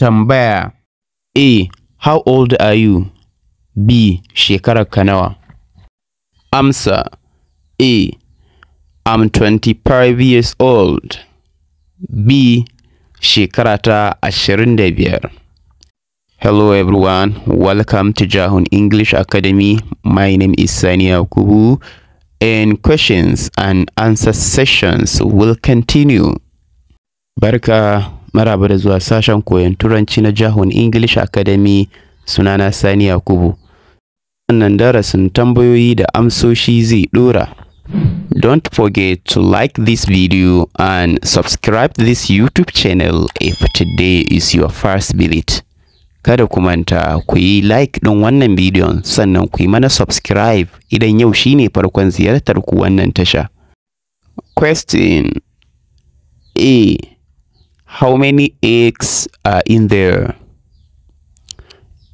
Tambaya: A. How old are you? B. ka nawa? Amsa: A. I'm 25 years old. B. ta Shekarata 25. Hello everyone, welcome to Jahun English Academy. My name is Sania Kubu and questions and answer sessions will continue. Barka Maraba da zuwa sashen koyon Turanci na Jahun English Academy sunana Sani Yakubu. Wannan darasin tambayoyi da amsoshi zai dora. Don't forget to like this video and subscribe this YouTube channel if today is your first visit. Kada ku manta ku yi like ɗin wannan bidiyon sannan ku yi mana subscribe idan yau shine farkon ziyartar ku wannan tasha. Question A how many eggs are in there?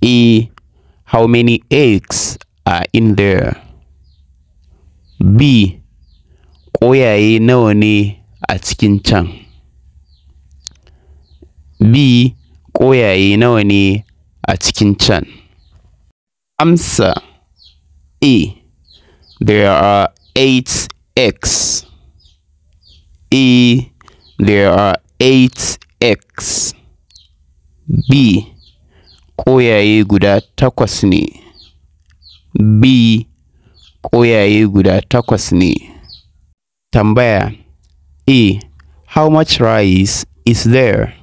E. How many eggs are in there? B. Ƙwayaye e ne a B. Ƙwayaye e ne a cikin can? Amsa E. There are eight eggs. E. There are 8x. b koyaye guda takwas ne b koyaye guda takwas ne tambaya a how much rice is there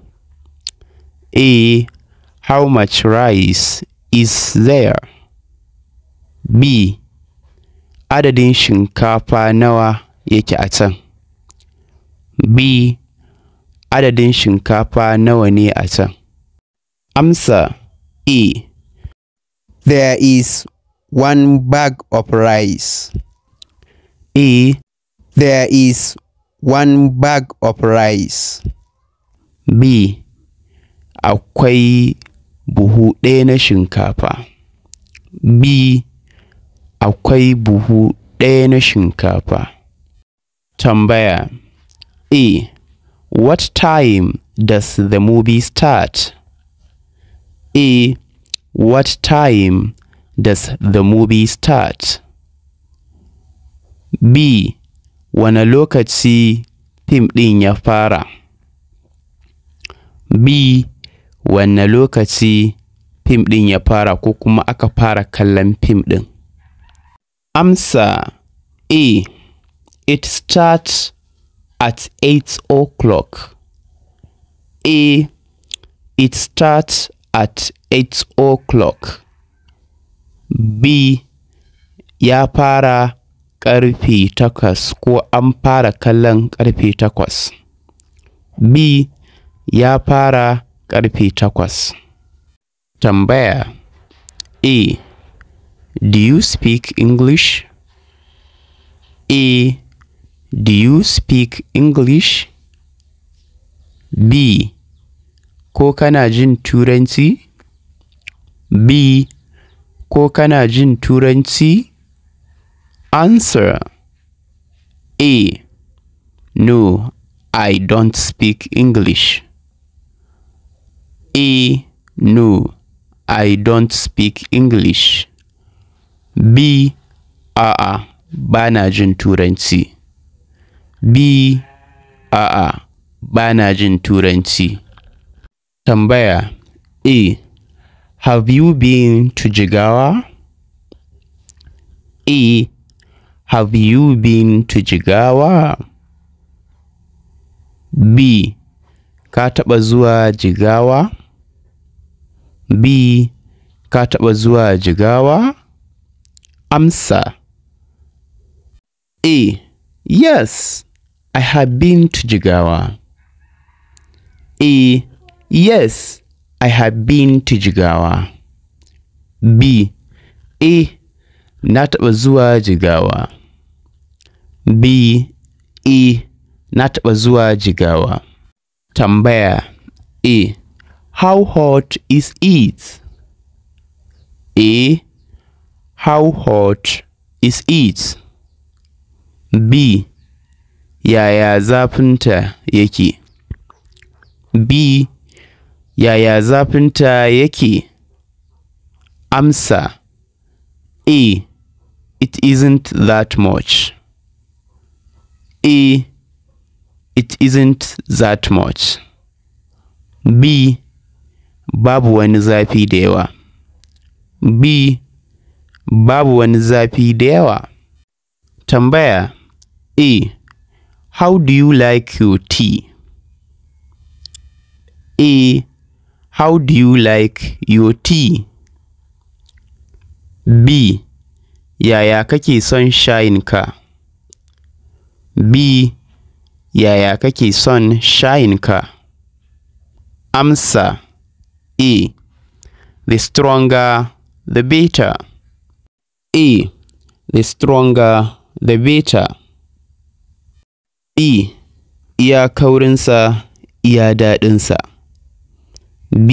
a how much rice is there b adadin shinkafa nawa yake a can b adadin shinkafa nawa ne a can? Amsa E. There is one bag of rice. E. There is one bag of rice. B. Akwai buhu ɗaya na shinkafa. B. Akwai buhu ɗaya na shinkafa. Tambaya E. What time does the movie start? A. What time does the movie start? B. Wane lokaci fim ɗin ya fara? B. Wane lokaci fim ɗin ya fara ko kuma aka fara kallon fim ɗin? Amsa A. It starts at 8 o'clock. A. It starts at 8 o'clock. B. Ya fara ƙarfe takwas ko an fara kallon ƙarfe takwas. B. Ya fara ƙarfe takwas. Tambaya A. Do you speak English? A. Do you speak English? B. Ko kana jin Turanci? B. Ko kana jin Turanci? Answer. A. No, I don't speak English. A. No, I don't speak English. B. A'a, bana jin Turanci. B. A'a, ba na jin Turanci. Tambaya A. Have you been to Jigawa? A. Have you been to Jigawa? B. Ka taɓa zuwa Jigawa? B. Ka taɓa zuwa Jigawa? Amsa A. Yes. I have been to Jigawa. A. Yes, I have been to Jigawa. B. A. Not taɓa zuwa Jigawa. B. E. Not taɓa zuwa Jigawa. Tambaya. A. How hot is it? A. How hot is it? B. yaya zafinta yake b yaya zafinta yake amsa a it isn't that much a it isn't that much b babu wani zafi da yawa b babu wani zafi da yawa tambaya a How do you like your tea? A. How do you like your tea? B. Yaya kake son ka. B. Yaya kake son ka. Amsa A. The stronger, the better. A. The stronger, the better. B. Iya kaurinsa, iya daɗinsa. B.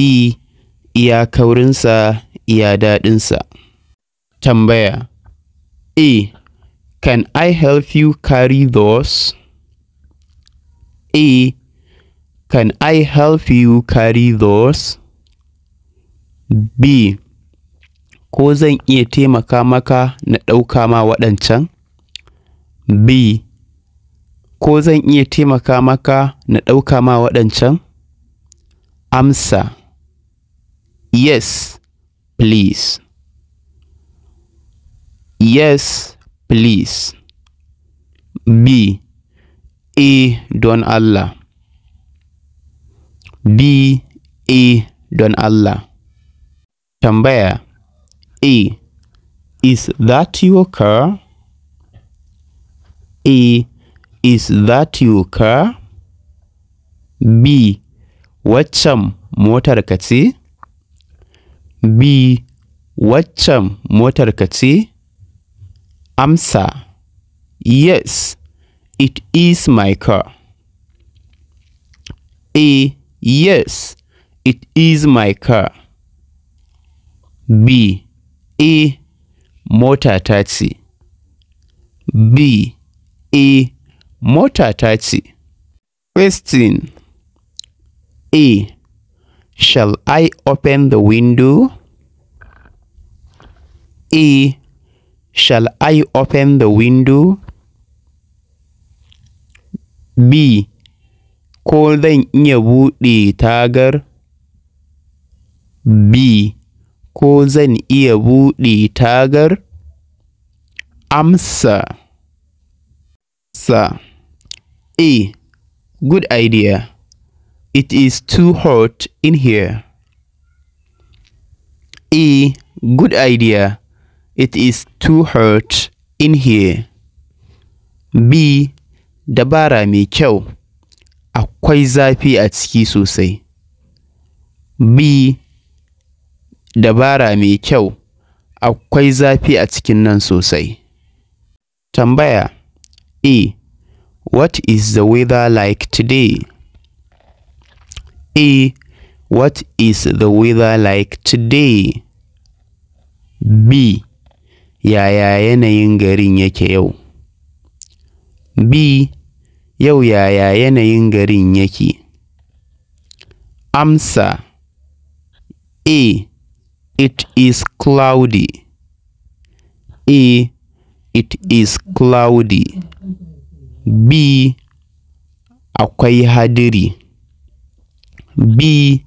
Iya kaurinsa, iya daɗinsa. Tambaya. A. E, can I help you carry those? A. E, can I help you carry those? B. Ko zan iya taimaka maka na ɗauka ma waɗancan? B. ko zan iya taimaka maka na ɗauka ma waɗancan? Amsa Yes, please. Yes, please. B. E don Allah. B. E don Allah. Tambaya. a Is that your car? E. Is that your car? B. Waccan motarka ce? B. Waccan motarka ce? Amsa. Yes, it is my car. A. Yes, it is my car. B. A. Mota ta ce. B. A. Mota ta ce, Question A. Shall I open the window? A. Shall I open the window? B. Ko zan iya buɗe tagar? B. Ko zan iya buɗe tagar? Amsa. Sa. A. Good idea. It is too hot in here. A. E, good idea. It is too hot in here. B. Dabara mai kyau. Akwai zafi a ciki sosai. B. Dabara mai kyau. Akwai zafi a cikin nan sosai. Tambaya A. E, What is the weather like today? A. What is the weather like today? B. Yaya yanayin garin yake yau? B. Yau yaya yanayin garin yake? Amsa A. It is cloudy. A. It is cloudy. B akwai hadiri. B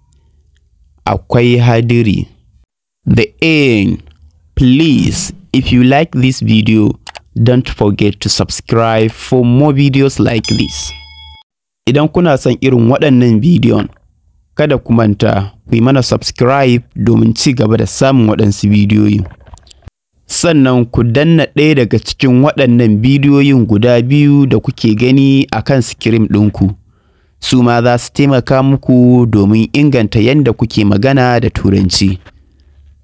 akwai hadiri. The end. Please, if you like this video, don't forget to subscribe for more videos like this. Idan kuna son irin waɗannan bidiyon, kada ku manta ku yi mana subscribe domin ci gaba da samun waɗansu bidiyoyi. sannan ku danna ɗaya daga cikin waɗannan bidiyoyin guda biyu da kuke gani a kan sikirim ɗinku su ma za su taimaka muku domin inganta yadda kuke magana da turanci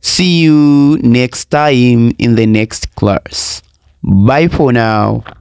see you next time in the next class bye for now